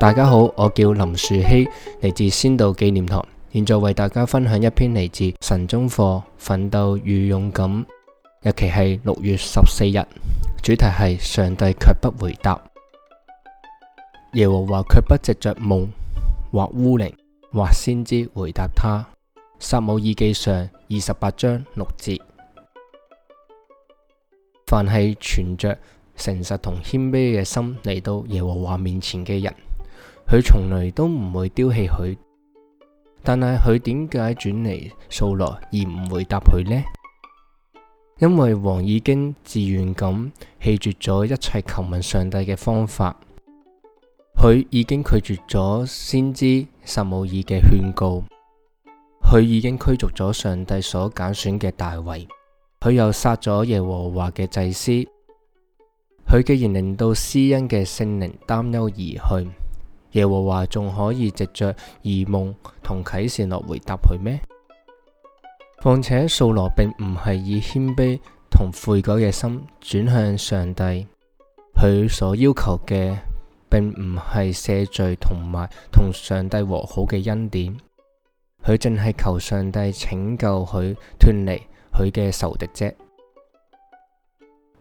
大家好，我叫林樹希，嚟自先道紀念堂。現在為大家分享一篇嚟自神中課《奮鬥與勇敢》，日期係六月十四日，主題係上帝卻不回答，耶和華卻不藉着夢或烏陵或先知回答他。撒母耳記上二十八章六節：凡係存着誠實同謙卑嘅心嚟到耶和華面前嘅人，佢從來都唔會丟棄佢。但係佢點解轉嚟掃羅而唔回答佢呢？因為王已經自願咁棄絕咗一切求問上帝嘅方法，佢已經拒絕咗先知撒母耳嘅勸告。佢已經驅逐咗上帝所揀選嘅大衛，佢又殺咗耶和華嘅祭司，佢既然令到施恩嘅聖靈擔憂而去，耶和華仲可以藉着異夢同啟示落回答佢咩？況且掃羅並唔係以謙卑同悔改嘅心轉向上帝，佢所要求嘅並唔係赦罪同埋同上帝和好嘅恩典。佢淨係求上帝拯救佢脫離佢嘅仇敵啫。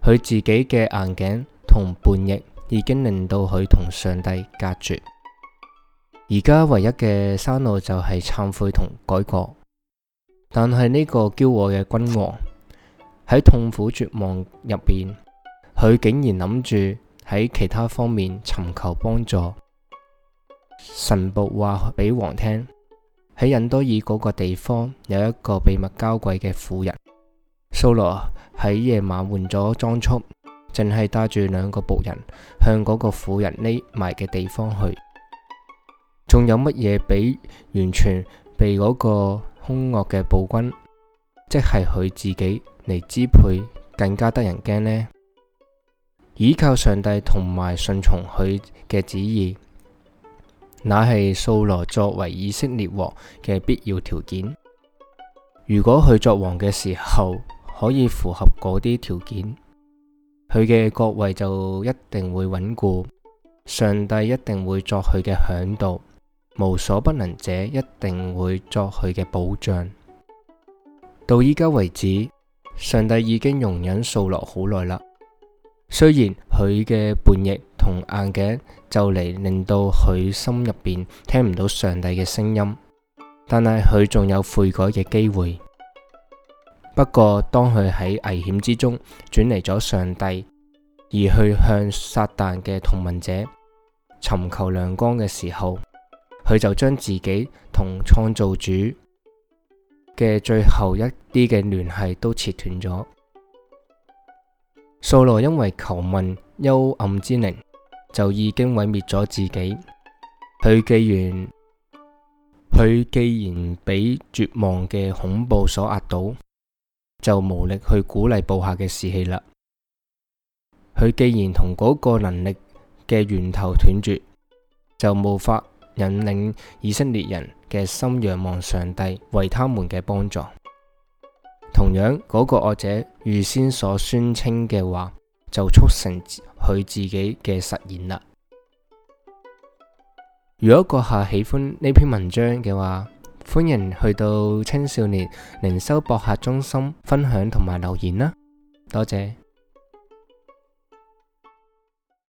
佢自己嘅硬頸同叛逆已經令到佢同上帝隔絕。而家唯一嘅山路就係懺悔同改過。但係呢個驕傲嘅君王喺痛苦絕望入邊，佢竟然諗住喺其他方面尋求幫助。神僕話俾王聽。喺印多爾嗰個地方有一個秘密交鬼嘅婦人，蘇羅喺夜晚換咗裝束，淨係帶住兩個僕人向嗰個婦人匿埋嘅地方去。仲有乜嘢比完全被嗰個凶惡嘅暴君，即係佢自己嚟支配，更加得人驚呢？依靠上帝同埋順從佢嘅旨意。那係掃羅作為以色列王嘅必要條件。如果佢作王嘅時候可以符合嗰啲條件，佢嘅國位就一定會穩固，上帝一定會作佢嘅嚮導，無所不能者一定會作佢嘅保障。到依家為止，上帝已經容忍掃羅好耐啦。雖然佢嘅叛逆同硬頸就嚟令到佢心入邊聽唔到上帝嘅聲音，但係佢仲有悔改嘅機會。不過當佢喺危險之中轉嚟咗上帝，而去向撒旦嘅同盟者尋求亮光嘅時候，佢就將自己同創造主嘅最後一啲嘅聯繫都切斷咗。掃羅因為求問幽暗之靈，就已經毀滅咗自己。佢既然佢既然俾絕望嘅恐怖所壓倒，就無力去鼓勵部下嘅士氣啦。佢既然同嗰個能力嘅源頭斷絕，就無法引領以色列人嘅心仰望上帝為他們嘅幫助。同樣，嗰、那個惡者預先所宣稱嘅話，就促成佢自己嘅實現啦。如果閣下喜歡呢篇文章嘅話，歡迎去到青少年靈修博客中心分享同埋留言啦。多謝。